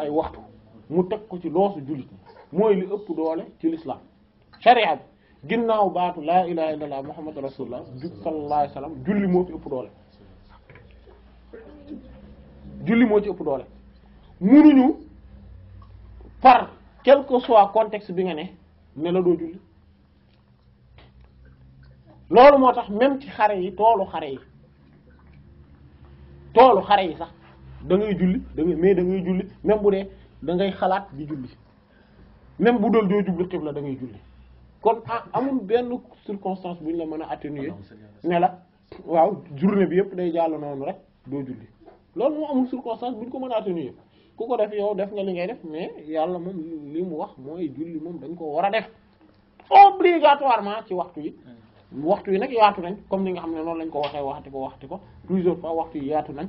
ay waxtu mu teg ko ci loosu jullit mooy li ëpp doole ci l'islam sharia bi ginnaaw baatu laa ilaha illallah muhammadu rasulullah ju sallallahu alayhi wasallam julli moo ci ëpp doole julli moo ci ëpp doole munuñu par quel que soit bi nga ne ne la doo julli loolu moo tax même ci xare yi toolu xare yi toolu xare yi sax da ngay julli mais da ngay julli même bu dee dangay xalaat di julli même bu dool doo jublu xibla la ngay julli kon a ah, amul benn circonstance bu ñu la mën a atténuer ne la waaw journée bi yëpp day jàll noonu rek doo julli loolu moo amul circonstance bu ko mën a atténuer ku ko def yow def nga li ngay def mais yàlla moom li mu wax mooy julli moom dañ ko war a def obligatoirement ci waxtu yi hmm. waxtu yi nag yaatu nañ comme ni nga xam ne noonu lañ ko waxee waxati ko waxati ko plusieurs fois waxtu yi yaatu nañ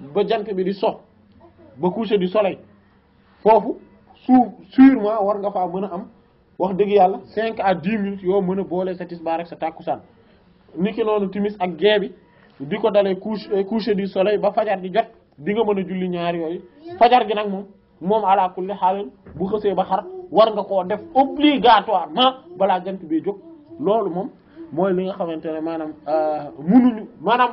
ba jant bi di so ba coucher di soleil foofu suuf sûrement war nga faa mën a am wax dëgg yàlla cinq a dix minutes yoo mën a boole sa tisbaar ak sa tàkkusaan niki noonu timis ak gée bi di ko dalee couche eh, coucher du soleil ba fajar gi jot di nga mën a julli ñaar yooyu fajar gi nag moom moom ala kulli xaalin bu xësee ba xar war nga koo def obligatoirement balaa jant bi jóg loolu moom mooy li nga xamante ne maanaam euh, munuñu maanaam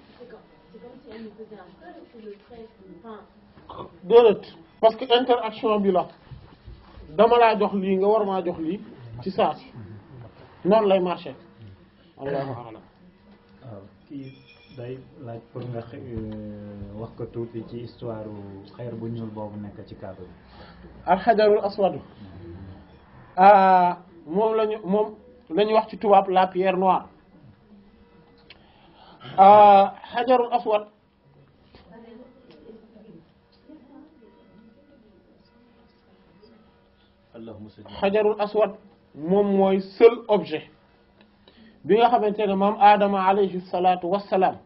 déedéet parce que interaction bi la dama laa jox lii nga war maa jox lii ci saa si noonu lay marché allahu alam waaw kii day laaj pour nga wax ko tuuti ci histoire xeer bu ñuul boobu nekk ci kaaba bi alxajarul aswadu moom lañu moom lañu wax ci tubaab la pierre noire xajarul aswad حجر الأسود مموي سل أوبجي بيغا خبنتين مام آدم عليه الصلاة والسلام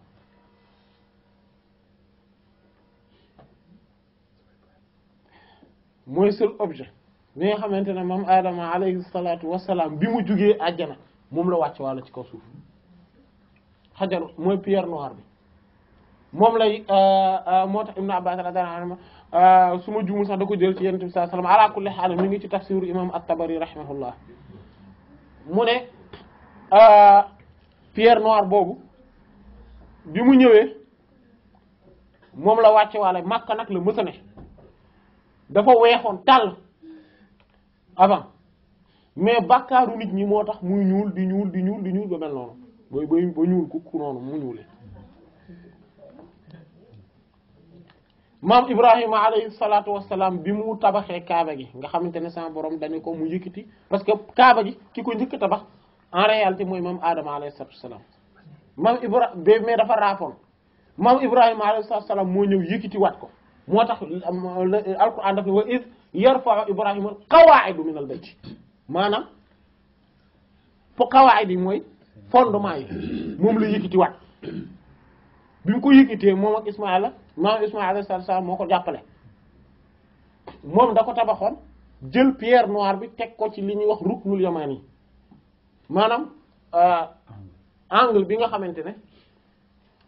موي سل أوبجي بيغا خبنتين مام آدم عليه الصلاة والسلام بيمو جوغي أجنا موم لو واتش والا تي حجر موي بيير نوار بي موم لاي ا موتا ابن عباس رضي الله عنه Euh, su ma juumul sax da ko jël ci yonent ti sallallahu alayhi wasallam ala kulli haal mi ngi ci tafsiru imam at-Tabari rahimahullah mu ne euh, pierre noire boobu bi mu ñëwee moom la wàcce waale Makka nag la mësa ne dafa weexoon tàll avant mais bàkkaaru nit ñi moo tax muy ñuul di ñuul di ñuul di ñuul ba mel noonu ba ñuul ku ku noonu mu ñuulee maam Ibrahima alayhi salaatu wassalaam bi mu tabaxee kaaba gi nga xamante ne saa boroom dañu ko mu yëkkati parce que kaaba gi ki ko njëkk tabax en réalité mooy maam Adama alayhi salaatu wassalaam maam Ibrahima mais dafa raafoon maam Ibrahima alayhi salaatu wassalaam moo ñëw yëkkati waat ko moo tax alquran daf ne wa iz yarfa'u Ibrahima al-qawaa'ida min al maanaam fo qawaa'id mooy fondement yi moom la yëkkati waat bi ko yëkkatee moom ak Ismaïla maam Ismaïl alayhi salaam moo jàppale mom dako tabaxone djel pierre noir bi tek ko ci li ñuy wax ruknul yamani manam euh angle bi nga xamantene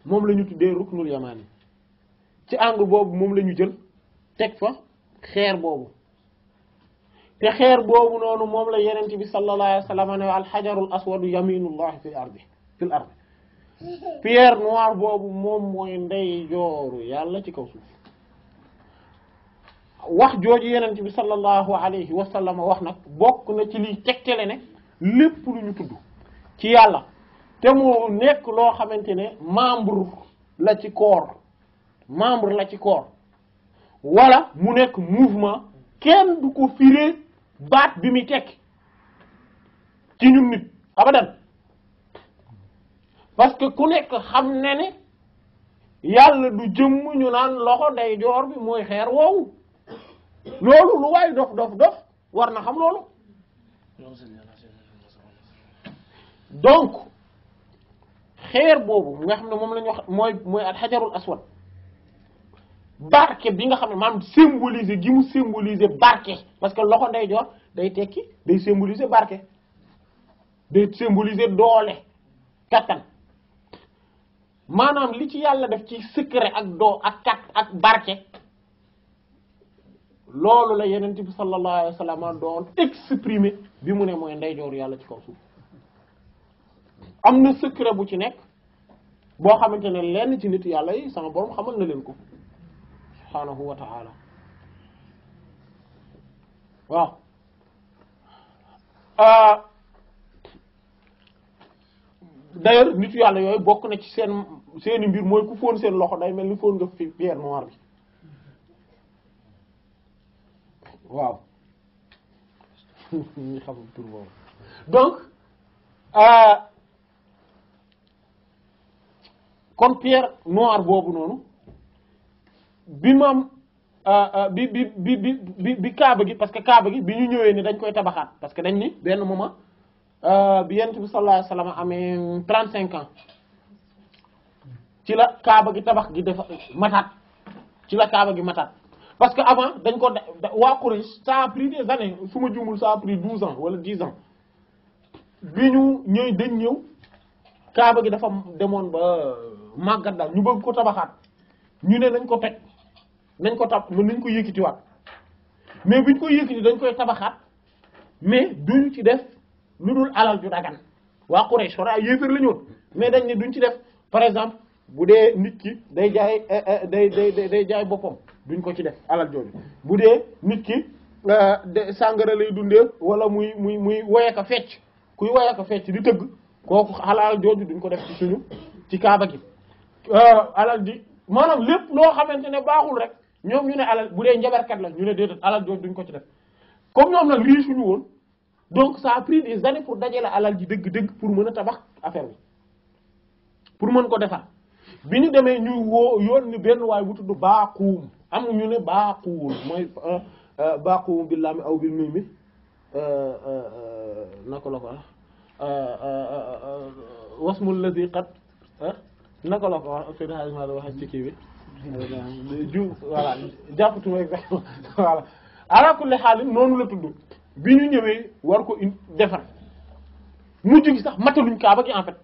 mom lañu tuddé ruknul yamani ci angle bobu mom lañu djel tek fa xeer bobu te xeer bobu nonu mom la yenenbi sallallahu alayhi wa al hajarul aswad yaminullah fi fil ardi fil ardi pierre noire boobu moom mooy ndey jooru yàlla ci kaw suuf wax jooju yenent bi sallallahu alayhi wa wax nag bokk na ci liy tegtale ne lépp lu ñu tudd ci yàlla te mu nekk loo xamante ne membre la ci corps membre la ci corps wala mu nekk mouvement kenn du ko firee baat bi muy tekki ci ñun nit abadan parce que ku nekk xam ne ne yàlla du jëmm ñu naan loxo day bi mooy xeer woowu loolu lu waay dof dof dof war na xam loolu donc xeer boobu nga xam ne moom lañuy ñu wax mooy mooy alxajarul aswad barke bi nga xam ne maanaam symboliser gi mu symboliser barke parce que loxo nday day tekki day symboliser barke day symboliser doole kattan maanaam li ci yàlla def ci secret ak doo ak kat ak barke loolu la yenent bi sallallahu alayhi wa sallam doon exprimer bi mu ne mooy ndeyjooru yàlla ci kaw suuf am na secret bu ci nekk boo xamante ne lenn ci nit yàlla yi sama borom xamal na leen ko subhaanahu wa ta'ala waaw ah. d'ailleurs nit yàlla yooyu bokk na ci seen seeni mbir mooy ku fóon seen loxo day mel ni fóon nga fi pierre noire bi waaw donc euh, kon pierre noire boobu noonu bi moom euh, euh, bi bi bi bi bi kaaba gi parce que kaaba gi bi ñu ñëwee ni dañ koy tabaxaat parce que dañ ni benn moment bi yonent bi sallallahu alayhi wa sallam amee 35 ans ci la kaaba gi tabax gi def matat ci la kaaba gi matat parce que avant dañ ko wa quraish ça a pris des années su djumul ça a pris 12 ans wala 10 ans biñu ñoy dañ ñew kaaba gi dafa demone ba euh, màggat daal ñu bëgg ko tabaxat ñu ne lañ ko tek nañ ko tap mu ñu ko yëkiti wat mais buñ ko yëkiti dañ koy tabaxat mais duñ ci def. lu dul alal ju dagan waa Quraysh xanaa ay yéefar la ñu woon mais dañ ne duñ ci def par exemple bu dee nit ki day jaay eh, eh, day day day jaay boppam duñ ko ci def alal jooju bu nit ki eh, sàngara lay dundee wala muy muy muy woyaka fecc kuy woyaka fecc di tëgg kooku alal jooju duñ ko def ci suñu ci kaaba gi alal di maanaam lépp loo xamante ne baaxul rek ñoom ñu ne alal bu dee njabarkat la ñu ne déedéet alal jooju duñ ko ci def comme ñoom nag riche ñu woon. donc ça a pris des années pour dajale alal ji dëgg-dëgg pour mën a tabax affaire bi pour mën ko defar bi ñu demee ñu woo yoon ni benn waay bu tudd baaquum am ñu ne baaquum mooy euh, euh, baaquum bi laami aw bi muy mi naka la ko wasmul lazi qad naka la ko wax euh, sëriñ ci kii bi ju voilà jàppatuma exactement voilà ala kulli xaalis noonu la tudd bi ñu ñëwee war ko in defar mujj gi sax mataluñ kaaba gi en fait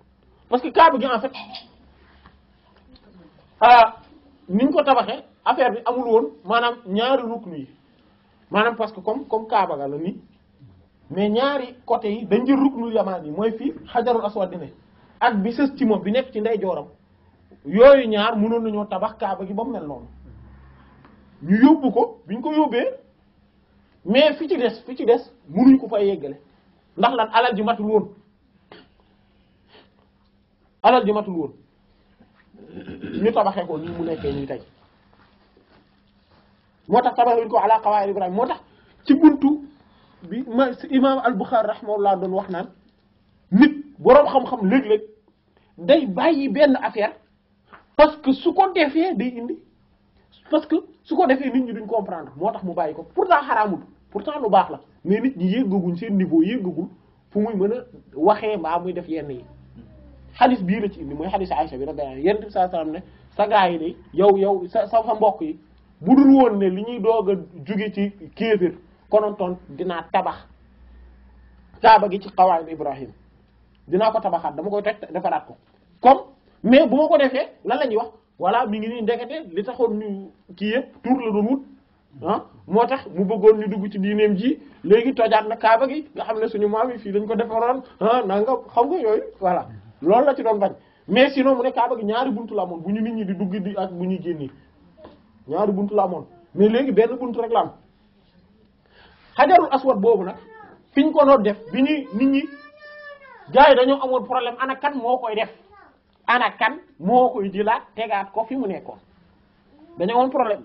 parce que kaaba gi en niñ ko tabaxee affaire bi amul woon maanaam ñaari rukn yi maanaam parce que comme comme kaaba ga la nii mais ñaari côté yi dañ jël ruknul yamaan yi mooy fii xajarul aswad di ne ak bi sës ci moom bi nekk ci ndey jooram yooyu ñaar mënoon nañoo tabax kaaba gi ba mu mel noonu ñu yóbbu ko biñ ko yóbbee mais fi ci dess fi ci dess mënuñ ko fa yeggale ndax lan alal ju matul won alal ju matul won ñu tabaxé ko ñu mu nekké ñu tay motax tabaxuñ ko ala qawaa'id Ibrahim motax ci buntu bi imam al-Bukhari rahimahullah don wax naan nit borom xam-xam leg. leg day bayyi benn affaire parce que su ko defé day indi parce que su ko defé nit ñi duñ comprendre motax mu bayiko pourtant haramul pour pourtant lu baax la mais nit ñi yéggaguñ seen niveau yéggagul fu muy mën a waxee mbaa muy def yenn yi xadis bii la ci indi mooy xadis Aysa bi radiyallahu anha yenn saa salaam ne sa gaa yi de yow yow sa sa mbokk yi bu dul woon ne li ñuy doog a jóge ci kéefir konontoon dinaa tabax kaaba gi ci xawaayu Ibrahim dinaa ko tabaxaat dama koy toj defaraat ko comme mais bu ma ko defee la ñuy wax voilà mi ngi nii ndekete li taxoon ñu kii yëpp tur la doon wut han motax mu beggone ni duggu ci dinem ji legui tojat na kaaba gi nga xamne suñu maam fi dañ ko defaron han na nga xam nga yoy voilà lool la ci doon bañ mais sinon mu ne kaaba gi ñaari buntu la amoon bu nit ñi di dugg di ak buñu jenni ñaari buntu la mais legui benn buntu rek la am aswad bobu nak fiñ ko do def biñu nit ñi gars dañu amul problème ana kan mo koy def ana kan mo koy dilat tegaat ko fi mu nekkoon dañu amul problème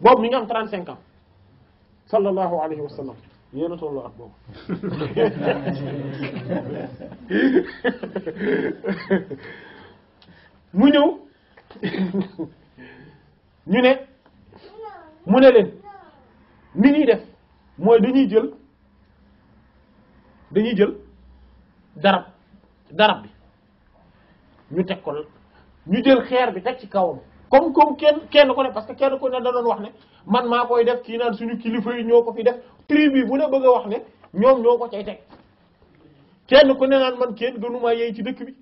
boobu mi ngi am 35 ans sallallahu alayhi wa sallam yéen tolo ak boobu mu ñëw ñu ne mu ne leen ni ñuy def moy dañuy jël dañuy jël darab darab bi ñu teg ko ñu jël xeer bi tek ci kawam. comme comme kenn kenn ku ne parce que kenn ko ne da doon wax ne man maa koy def kii naan suñu kilifa yi ñoo ko fi def tribu bu ne bëgg a wax ne ñoom ñoo ko cay teg kenn ku ne naan man kenn gënumaa yey ci dëkk bi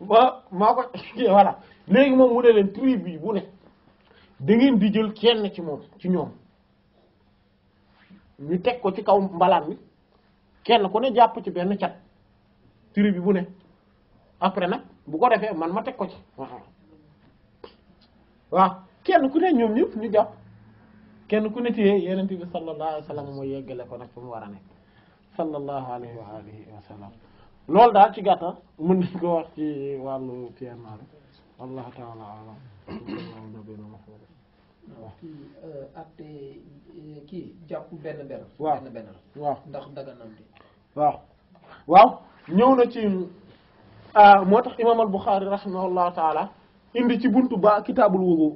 wa maa ko voilà léegi moom wu ne leen tribu bu ne da ngeen di jël kenn ci moom ci ñoom ñu teg ko ci kaw mbalaat mi kenn ku ne jàpp ci benn cat tribu bu ne après nag bu ko defee man ma teg ko ci waaw kenn ku ne ñoom ñëpp ñu jàpp kenn ku ne téye yenente bi sallallahu alayhi wa sallam mooy yeggale ko nag fu mu war a nekk sallallahu alayhi wa alihi wa sallam loolu daal ci gàttal mën nañ ko wax ci wàllu tiennaa bi wallahu taala alam nabina Muhammad waaw kii atte kii jàpp benn benn waaw benn benn waaw ndax daganam bi waaw waaw ñëw na ci moo tax imam al Bukhari rahimahullahu taala indi ci buntu ba kitaabul wudu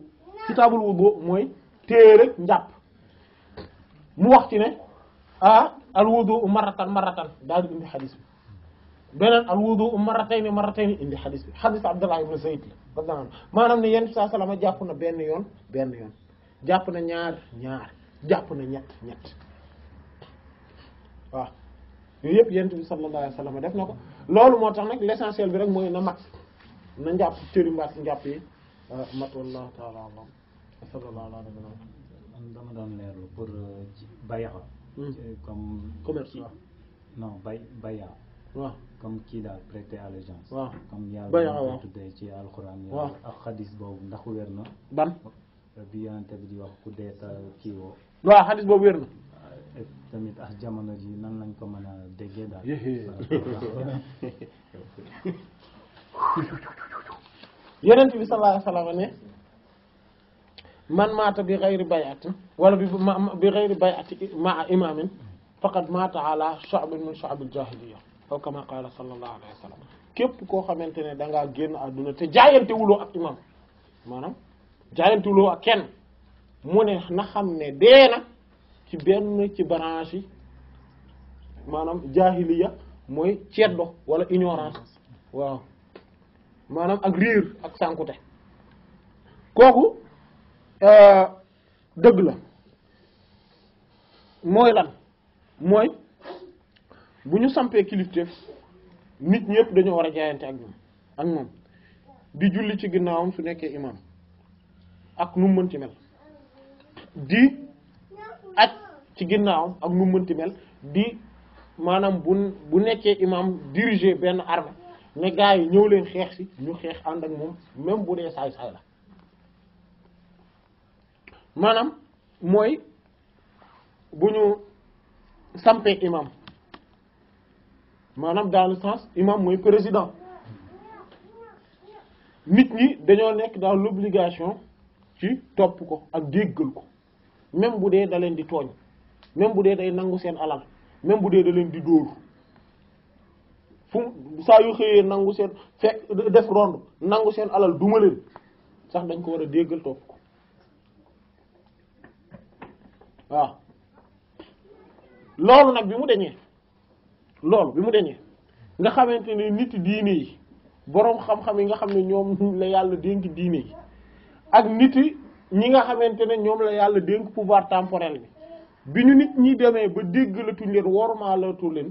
kitaabul wudu mooy téere njàpp mu wax ci ne ah al wudu maratan maratan daal di indi xadis bi beneen al wudu marratayni marratayni indi xadis bi xadis Abdullah ibn Zayd la radiyallahu anhu maanaam ne yenn saa salaama jàpp na benn yoon benn yoon jàpp na ñaar ñaar jàpp na ñett ñett waaw yooyu yëpp yent bi sallallahu def na ko loolu moo tax na l'essentiel bi rek mooy na mat na njàpp cëri mbaat njàpp yi ah, mat wallahu taala alam sallallahu ala nabina dama doon leerlu pour euh, ci bayaxa hmm. euh, comme commerce non bay baya waaw comme kii daal prêter allégeance waaw comme yàlla tuddee ci alxuraan waaw ak xadis boobu ndax wér na ban euh, bi yonente bi di wax ku dee ta kii woo waaw xadis boobu wér na tamit ak jamono ji nan lañ ko mën a déggee daal yonent bi sallallahu alayhi wasallam ne man maata bi ghayri bay'atin wala bi bi ghayri bay'ati ma'a imaamin faqad maata ala shu'bin min shu'abil jahiliyya aw kama qaala sallallahu alayhi képp koo xamante ne danga ngaa génn àdduna te jaayantewuloo ak imaam maanaam jaayantewuloo ak kenn mu ne na xam ne dee ci benn ci branche yi maanaam jahiliya mooy ceddo wala ignorance waaw maanaam ak riir ak sànkute kooku euh, dëgg la mooy lan mooy bu ñu sampee kilifteef nit ñëpp dañoo war a jaayante ak ñoom ak moom di julli ci ginnaawam su nekkee imam ak nu mënti mel di ak ci ginnaawam ak nu mu mënti mel di maanaam bu bu nekkee imam diriger benn armée Ne gaye, nyo len khek si, nyo khek andan moun, menm boudè sa yi sa yi la. Manam, mwen, boun yon sampe imam. Manam, dan le sans, imam mwen prezident. Mit ni, denyon nek dan l'obligasyon ki top pou ko, ak deg goul ko. Menm boudè dalen di togn, menm boudè dalen nangosyen alam, menm boudè dalen di dourou. fu saa yu xëyee nangu seen fekk def rond nangu seen alal duma leen sax dañ ko war a déggal topp ko waaw loolu nag bi mu deñee loolu bi mu deñee nga xamante ne nit diine yi boroom xam-xam yi nga xam ne ñoom la yàlla dénk diine yi ak nit ñi nga xamante ne ñoom la yàlla dénk pouvoir temporel bi bi ñu nit ñi demee ba dégg déggalatuñ leen wormaalatu leen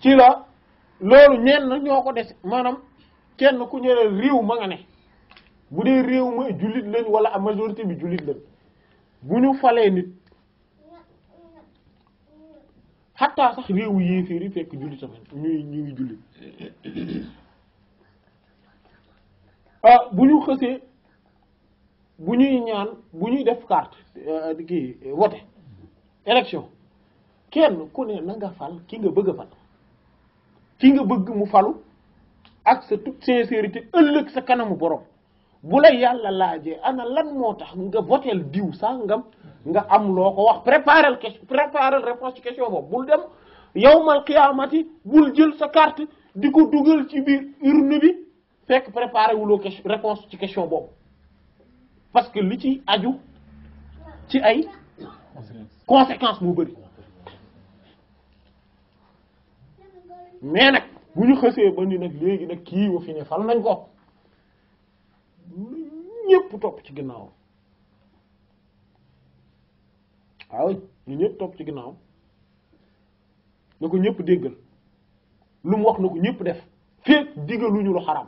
ci la loolu ñenn ñoo ko des maanaam kenn ku ñëwee réew ma nga ne bu dee réew ma jullit lañ wala majorité bi jullit lañ bu ñu falee nit xattaa sax réewu yéeféer yi fekk jullit tamit ñuy ñu ngi jullit ah bu ñu xësee bu ñuy ñaan bu ñuy def carte euh, kii wote euh, élection kenn ku ne na nga fal ki nga bëgg a fal ki nga bëgg mu falu ak sa toute sincérité ëllëg sa kanamu borom bu la yàlla laajee ana lan moo tax nga voteel diw sàngam nga am loo ko wax préparel question préparel réponse ci question boobu bul dem yawmal qiyaamati bul jël sa kart di ko dugal ci biir urne bi fekk préparé wuloo question réponse ci question boobu parce que li ci aju ci ay conséquence mu bëri mais nag bu ñu xësee ba nag léegi nag kii wa fi ne fal nañ ko ñëpp topp ci ginnaaw waaw ñu ñëpp topp ci ginnaaw na ko ñëpp déggal lu mu wax na ko ñëpp def féeg diggaluñu lu xaram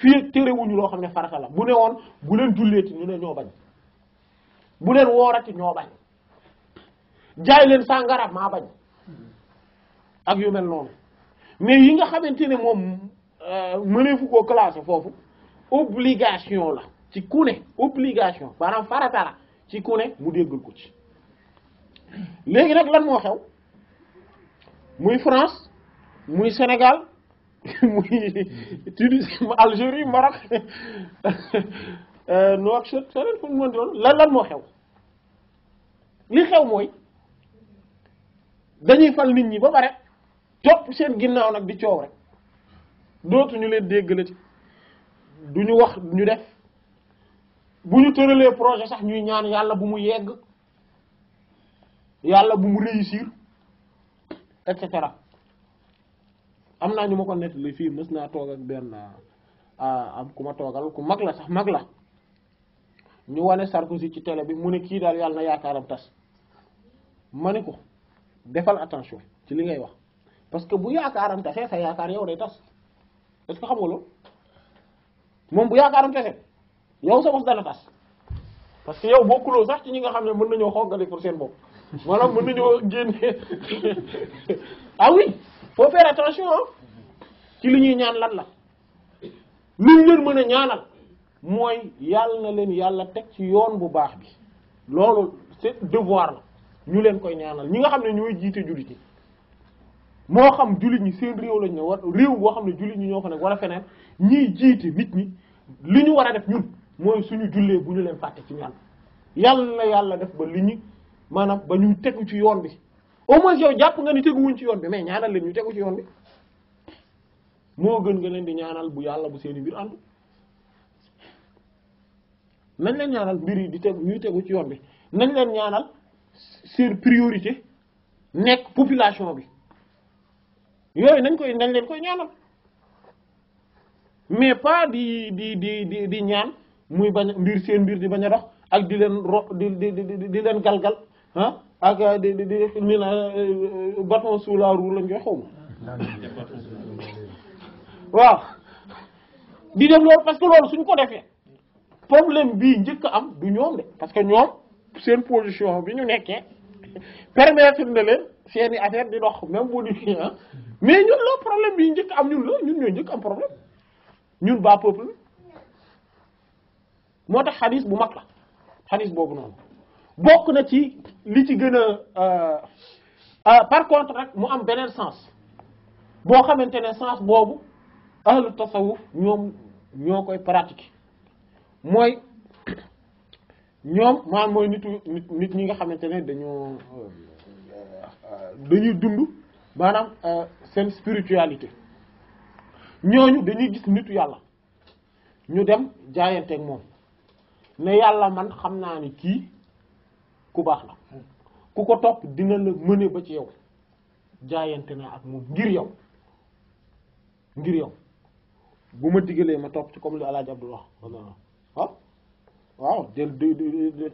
téere terewuñu loo xam ne farata bu ne woon bu leen julleeti ñu ne ñoo bañ bu leen woorati ñoo bañ jaay leen sàngara maa bañ ak yu mel non mais yi nga euh, classe, obligation la ci connais obligation Par farata la ci mu ko ci lan xew muy France muy Sénégal muy Tunisie Algérie Maroc euh, lan xew li xew dañuy fal nit ñi topp seen ginnaaw nag di coow rek dootu ñu leen déggalati du ñu wax ñu def bu ñu tëralee projet sax ñuy ñaan yàlla bu mu yegg yàlla bu mu réussir et cetera am naa ñu ma ko nettali fii mës naa toog ak benn am ku ma toogal ku mag la sax mag la ñu wane Sarkozy ci télé bi mu ne kii daal yàlla na yaakaaram tas ma ne ko defal attention ci li ngay wax parce que bu yaakaaram taxé sa yaakaar yow day tass est-ce que mom bu yaakaaram taxé yow sa bos dana tass parce que yow bokkuloo sax ci ñinga xamné mën nañu xogalé pour seen bop wala mën nañu génne ah oui faut faire attention ci li ñuy ñaan lan la ñu ñeur mëna ñaanal moy yàlla na leen yalla tek ci yoon bu baax bi lolu c'est devoir ñu leen koy ñaanal ñi nga xam ñoy jité jiite moo xam jullit ñi seen réew lañ ne wa réew boo xam ne jullit ñi ñoo ko nekk wala feneen ñii jiite nit ñi li ñu war a def ñun mooy suñu jullee bu ñu leen fàtte ci ñaan yàlla yàlla def ba li ñu maanaam ba ñu tegu ci yoon bi au moins yow jàpp nga ni teguwuñ ci yoon bi mais ñaanal leen ñu tegu ci moo gën nga leen di ñaanal bu yàlla bu seen i mbir àndu leen ñaanal mbir yi di tegu ñuy tegu ci yoon bi nañ leen ñaanal seen priorité nekk population bi yooyu nañ koy nañ leen koy ñaanal mais pas di di di di di ñaan muy bañ mbir seen mbir di bañ a dox ak di leen ro di di di leen galgal ah ak eh, di di di ni la eh, bâton sous la roue lañ koy xaw ma waaw di def loolu parce loolu suñ ko defee problème bi njëkk am du ñoom de parce ñoom seen position bi ñu nekkee permettre na leen seeni affaire di dox même bu di hein ah. mais ñun lo problème bi njëkk am ñun lo ñun ñoo njëkk am problème ñun ba peuple motax tax bu mak la xadis bobu non bokk na ci li ci gën euh, euh par contre rek mu am beneen sens bo xamantene sens bobu ahlu tasawuf ñom ñokoy koy pratiquer mooy ñoom maanaam mooy nitu nit nit ñi nga xamantene dañoo euh, dañuy dund maanaam euh, seen spiritualité ñooñu dañuy gis nitu yàlla ñu dem jaayanteek moom ne yàlla man xam naa ni kii ku baax la ku ko topp dina la mëne ba ci yow jaayante naa ak moom ngir yow ngir yow bu ma digalee ma topp ci comme li El Hadj wax waaw del di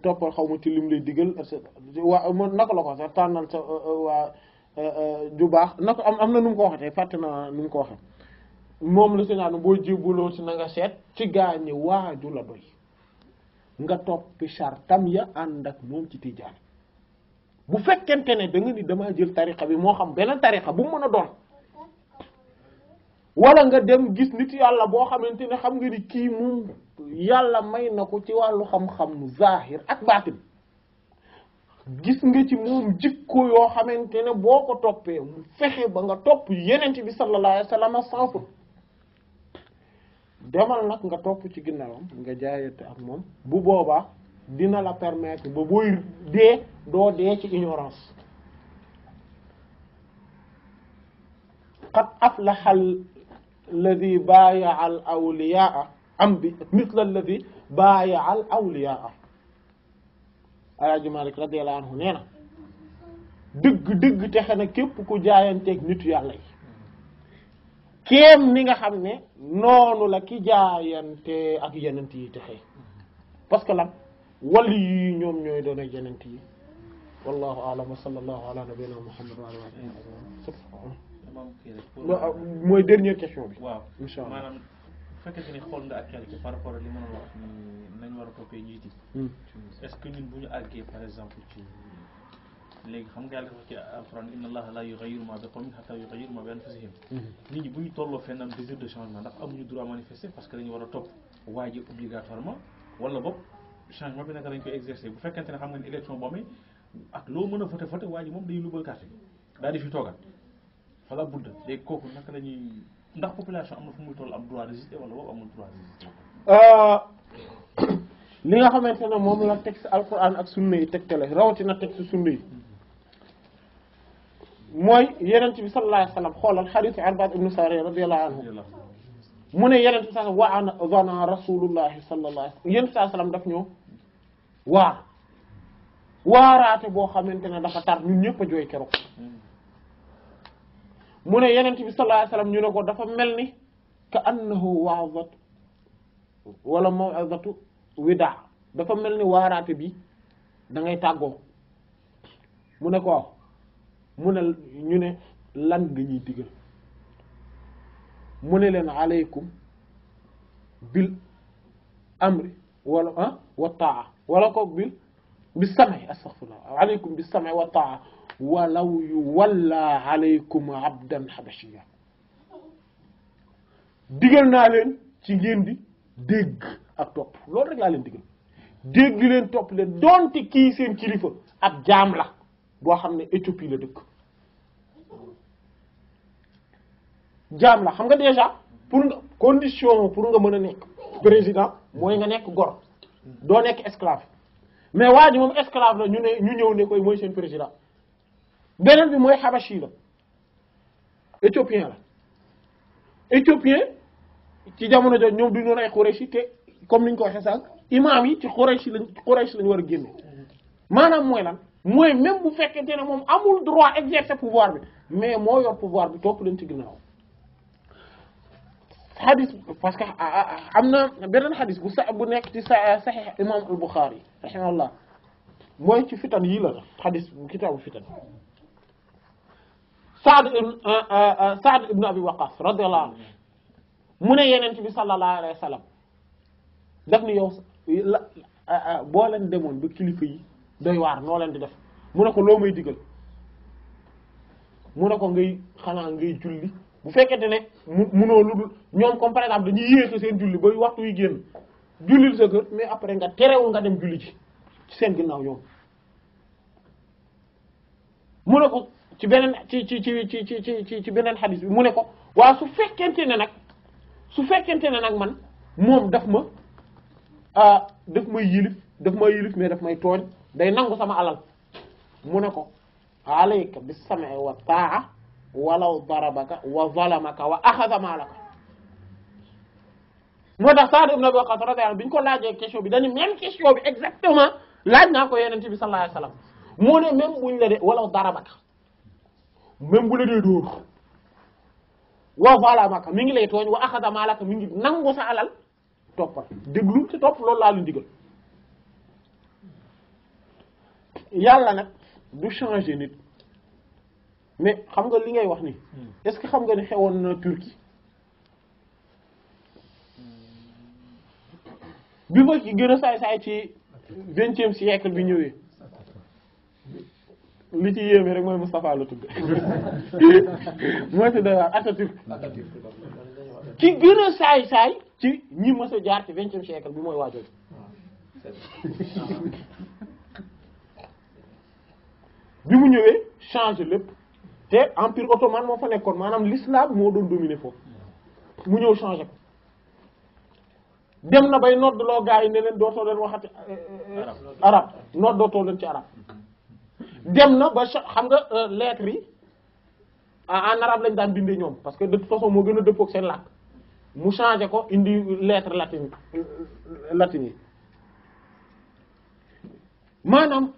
toppal xaw ma ci lim lay diggal wa cetera waa ma naka la ko sax sa euh, euh, wa euh, ju bax naka am am num ko waxe fatena num ko waxe mom la si bo boo ci nga set ci wa waaju la doy nga toppi chartam ya andak mom ci tijaan bu fekente ne da nga ni dama jël tariqa bi mo xam benen tariqa bu meuna doon wala nga dem gis nit yalla bo xamanteni xam nga ni ki mom yàlla may na ko ci wàllu xam-xamu zahir ak baatin gis nga ci moom jikko yoo xamante ne boo ko toppee mu fexe ba nga topp yenent bi sallallahu alayhi wasallam sans demal nag nga topp ci ginnaawam nga jaayante ak moom bu boobaa dina la permettre ba booy dee doo dee ci ignorance qad aflaha alladhi baaya'a al awliyaa حمدي مثل الذي بايع الاولياء اراجي مالك رضي الله عنه ننا دغ دغ تخنا كيب كو جايانتك نيت يالله كيم نيغا خامني نونو لا كي جايانتي اك يننتي تخي باسكو لام ولي نيوم نيو دونا جننتي والله اعلم صلى الله على نبينا محمد وعلى اله وصحبه moy dernière question bi waaw inshallah fekkee ni xool nga actualité par rapport li mën a wax ni nañ war a toppee njiit yi est-ce que ñun bu ñu àggee par exemple ci léegi xam nga yàlla dafa ci alquran inna allaha la yughayyiru ma bi qawmin hatta yughayyiru ma bi anfusihim nit ñi bu ñu tolloo fenn am désir de changement ndax amuñu droit manifester parce que dañu war a topp waa ji obligatoirement wala bopp changement bi naka dañ koy exercer bu fekkente ne xam nga ne élection boo amee ak loo mën a voté voté waa ji moom day lubal carte bi daal di fi toogal fala budda léegi kooku naka la ñuy ndax population am na fu wala boobu amul droit euh, li nga xamante ne moom la texte alquran ak sunna yi tegtale rawatina texte sunna yi mooy yonent bi sallallahu alayhi wa xoolal xadiisu Arbaad ibnu Saari radiyallahu anhu mu ne yonent bi sallallahu alayhi wa sallam rasulullahi sallallahu alayhi wa bi sallallahu alayhi wa sallam daf ñoo waa waaraate boo xamante ne dafa tar ñun ñëpp a jooy keroog. Hmm. mu ne yenent bi sallallahu alayhi ñu ne ko dafa mel ni ka annahu walla wala mawizatu wida dafa mel ni waaraate bi dangay ngay tàggoo mu ne ko mu ne ñu ne lan nga ñuy digal mu ne leen aleykum bil amri wala ah wa taa wala ko bil bi samay astaghfirullah aleykum bi samay wa walaw yu walla aleykum abdan habashiya digal naa leen ci ngeen di dégg ak topp loolu rek laa leen digal dégg leen topp leen donte kii seen kilifa ak jaam la boo xam ne Éthiopie la dëkk jaam la xam nga déjà pour nga condition pour nga mën a nekk président mooy nga nekk gor doo nekk esclave mais waa ji moom esclave la ñu ne ñu ñëw ne koy mooy seen président beneen bi mooy xabashi la éthiopien la éthiopien ci jamono jooju ñoom du doon ay Quraysh te comme niñ ko waxee sànq imaam yi ci Quraysh lañ Quraysh lañ war a génne maanaam mooy lan mooy même bu fekkente ne moom amul droit exercer pouvoir bi mais moo yor pouvoir bi topp leen ci ginnaaw xadis parce que ah, ah, ah, am na beneen xadis bu sa bu nekk ci sa saxiix imaam al Buxaari rahimahullah mooy ci fitan yii la xadis bu kitaabu fitan Saad ibn eh, eh, eh, Saad ibn Abi Waqqas radiyallahu anhu mu ne yeneen ci bi sallallahu alayhi wa sallam daf ni yow boo leen demoon ba kilifa yi doy waar noo leen di def mu ne ko loo may digal mu ne ko ngay xanaa ngay julli bu fekkente ne mu munoo ludul ñoom comme par exemple dañuy yéex seen julli ba waxtu yi génn jullil sa kër mais après nga terewul nga dem julli ci seen ginnaaw ñoom mu ne ko. ci beneen ci ci ci ci ci ci ci beneen xadis bi mu ne ko waaw su fekkente ne nag su fekkente ne nag man moom daf ma daf may yilif daf may yilif mais daf may tooñ day nangu sama alal mu ne ko alayka bi sam'i wa ta'a walaw darabaka wa zalamaka wa axada maalaka moo tax Saad ibn Abi Waqqas radiyallahu bi ñu ko laajee question bi dañu même question bi exactement laaj naa ko Yonent bi sallallahu alayhi wa sallam mu ne même buñ la de walaw darabaka même bu la dee dóor waaw voilà maka mi ngi lay tooñ wa axada maalaka mi ngi nangu sa toppal déglu te topp loolu laa lu digal yàlla nag du changer nit mais xam nga li ngay wax ni hmm. est-ce xam nga ni xewoon na Turquie hmm. bi fa ci gën a saay saay ci vingtième siècle bi ñëwee li ci yéeme rek mooy Moustapha la tudd moo ci doy waar ki gën a saay saay ci ñii mës a jaar ci vingtième siècle bi mooy waajooju bi mu ñëwee changé lépp te empire ottoman moo fa nekkoon maanaam l'islam moo doon dominé foofu mu ñëw changé ko dem na bay noddloo gaa yi ne leen dootoo leen waxati eh, eh, eh, arab noddoo too leen ci arab dem na ba xam nga euh, lettres yi en arabe lañ daan bindee ñoom parce que def toute façon moo gën a dëppoog seen làkk mu changé ko indi lettre latine euh, latine yi maanaam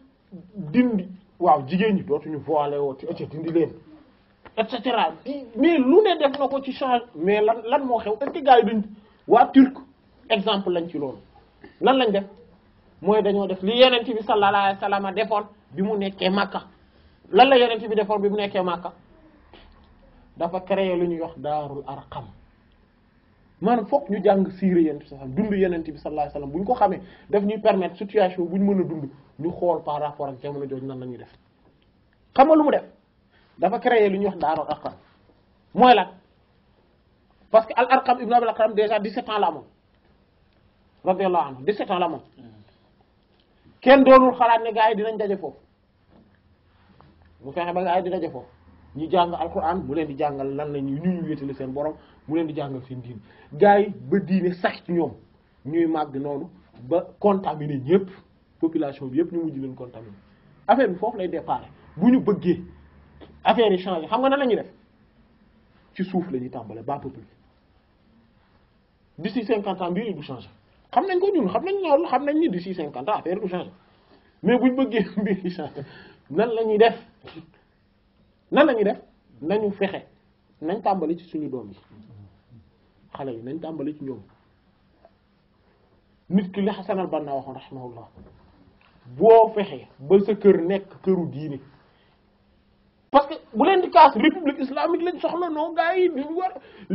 dindi waaw jigéen ñi dootuñu voilé woo ci ëcc dindi leen et cetera mais lu ne def na ko ci change mais lan lan moo xew est-ce que waa turc exemple lañ ci loolu lan lañ def moy dañoo def li yonent bi sallallahu alayhi wasallam sallam defoon bi mu nekkee Makka lan la yonent bi defoon bi mu nekkee Makka dafa créer luñu wax darul arqam man fokk ñu jàng siire yonent bi sallallahu dund yonent bi sallallahu alayhi wasallam buñ ko xamé daf ñuy permettre situation buñ mëna mën dund ñu xol par rapport ak jamono jooju nan la def xamal lu mu def dafa créer luñu wax darul arqam moy la parce que al arqam ibn Abi al-Arqam déjà 17 ans la amoon radiyallahu anhu 17 ans la amoon. kenn doonul xalaat ne gaa yi dinañ daje foofu mu fexe ba gaa yi di daje foofu ñu jàng alquran mu leen di jàngal lan la ñu ñu ñu wéetale seen borom mu leen di jàngal seen diine gaa yi ba diine sax ci ñoom ñuy màgg noonu ba contaminé ñëpp population bi yëpp ñu mujj leen contaminé affaire bi foofu lay déparé bu ñu bëggee affaire yi changé xam nga nan la def ci suuf lañuy ñuy tàmbale bas peuple d'ici cinquante ans mbir yi du changé xam nañ ko ñun xam nañ loolu xam nañ ni di six affaire du change mais buñ bëggé bi change nan lañuy def nan lañuy def nañu fexé nañ tambali ci suñu doom yi xalé yi nañ tambali ci ñoom nit ki li Hasan al-Banna ba sa kër parce que bu leen di kaas république islamique lañ soxla non gars yi dañu war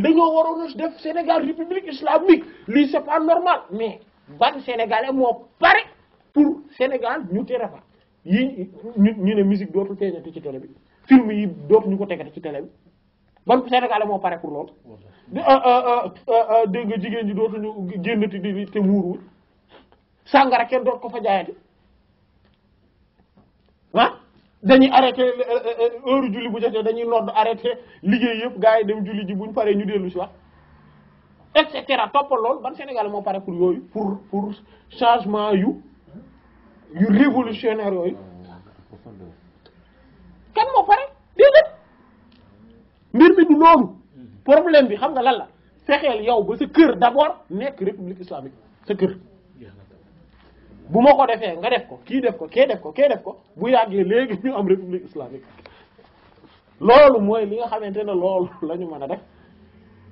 dañoo waroon a def Sénégal république islamique lii c'est pas normal mais ban sénégalais moo pare pour Sénégal ñu tere fa yi ñu ñu ne musique dootul teeñati ci télé bi film yi ñu ko tegati ci télé bi ban sénégalais moo pare pour loolu. Euh, euh, euh, dégg nga jigéen ñi dootuñu génnati di te muuruwul sàngara kenn doot ko fa jaayati ah. ont arrêté euh, euh, euh, heure julli bu dañuy nodd arrêté dem ji ñu wax Sénégal pour yoy pour pour changement yu yu révolutionnaire kan mo paré mbir du problème bi xam nga lan la yow ba d'abord république islamique sa kër bu ma ko defee nga def ko kii def ko kee def ko kee def ko bu yàggee léegi ñu am république islamique loolu mooy li nga xamante ne loolu la ñu mën a def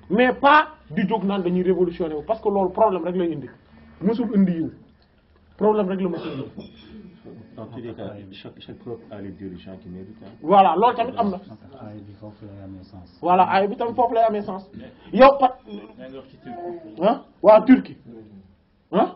mais pas di jóg naan dañuy révolutionné wu parce que loolu problème rek lay indi mësul indi yiw problème rek la mësul indi. dans tous les cas chaque chaque peuple a les dirigeants voilà loolu tamit am na. aay bi foofu lay voilà aay bi tamit foofu lay amee sens. yow pat. yaa waa Turquie ah.